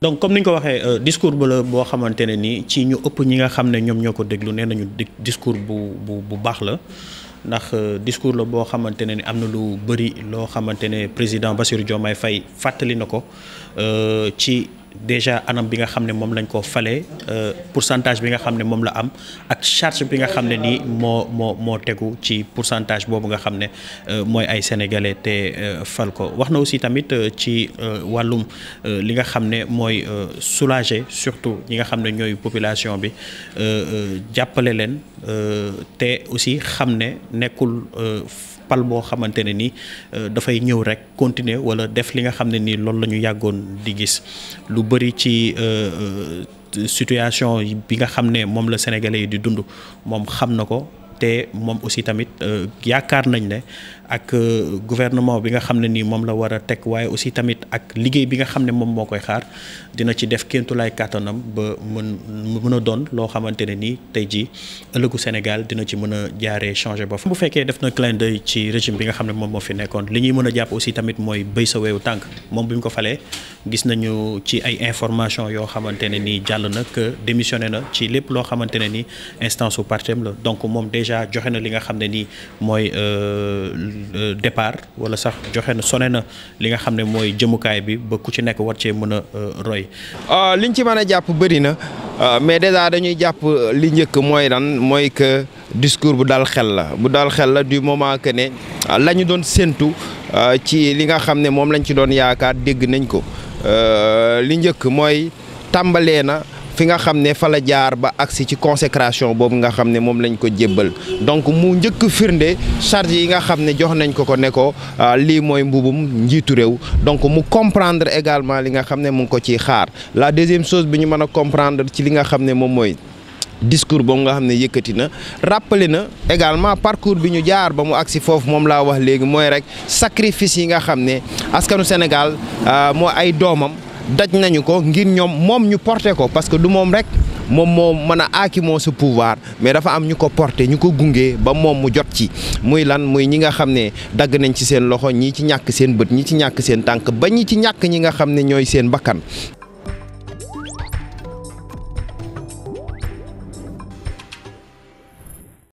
donc comme ni ñu ko waxee euh, discours ba la boo xamante ne nii ci ñu ëpp ñi nga xam ne ñoom ñoo ko déglu nee nañu discours bu bu bu baax la ndax euh, discours la boo xamante ne ni am na lu bari loo xamante ne président Bassirou Diomaye fay fàttali na ko euh, ci. déjà anam bi nga xam ne moom lañ ko falee euh, pourcentage bi nga xam ne moom la am ak charge bi nga xam ne nii moo moo moo tegu ci pourcentage boobu nga xam ne euh, mooy ay sénégalais te euh, fal ko wax na aussi tamit ci wàllum li nga xam ne mooy soulager surtout ñi nga xam ne ñooy population bi jàppale leen te aussi xam ne nekkul. pal boo xamante ne ni euh, dafay ñëw rek continuer wala def li nga xam ne nii loolu la ñu yàggoon di gis lu bëri ci euh, euh, situation bi nga xam ne moom la sénégalais yi di dund moom xam na ko. te moom aussi tamit euh, yaakaar nañ ne ak euh, gouvernement bi nga xam ne nii moom la war a teg waaye aussi tamit ak liggéey bi nga xam ne moom moo koy xaar dina ci def kéntulaay kàttanam ba mën mun a doon loo xamante ne nii tey jii ëllëgu Sénégal dina ci mën a jaaree changé ba bu fekkee def na clin d'œil ci régime bi nga xam ne moom moo fi nekkoon li ñuy mën a jàpp aussi tamit mooy béy sa weewu tànk moom bi ñu ko falee gis nañu ci ay information yoo xamante ne nii jàll na que démissionné na ci lépp loo xamante ne nii instance u partem la donc moom déjà joxe na li nga xam ne nii mooy euh, euh, départ wala sax joxe na sone na li nga xam ne mooy jëmukaay bi ba ku ci nekk war cee mën a euh, roy. liñ ci mën a jàpp bëri na mais déjà dañuy jàpp li njëkk mooy lan mooy que discours bu dal xel la bu dal xel la du moment que ne la ñu doon séentu ci li nga xam ne moom lañ ci doon yaakaar dégg nañ ko. Euh, li njëkk mooy tàmbalee na fi nga xam ne fa la jaar ba agsi ci consécration boobu nga xam ne moom lañ ko jébbal donc mu njëkk firnde charge yi nga xam ne jox nañ ko ko ne ko euh, lii mooy mbubum njiitu réew donc mu comprendre également li nga xam ne mu ngi ko ciy xaar la deuxième chose bi ñu mën a comprendre ci li nga xam ne moom mooy discours boobu nga xam ne yëkkati na rappelé na également parcours bi ñu jaar ba mu agsi foofu moom laa wax léegi mooy rek sacrifice yi nga xam ne askanu Sénégal euh, moo ay doomam daj nañu ko ngir ñoom moom ñu porté ko parce que du moom rek moom moo mën a aaki moo sa pouvoir mais dafa am ñu ko porté ñu ko gunge ba moom mu jot ci muy lan muy ñi nga xam ne dagg nañ ci seen loxo ñii ci ñàkk seen bët ñi ci ñàkk seen tànk ba ñi ci ñàkk ñi nga xam ne ñooy seen bakkan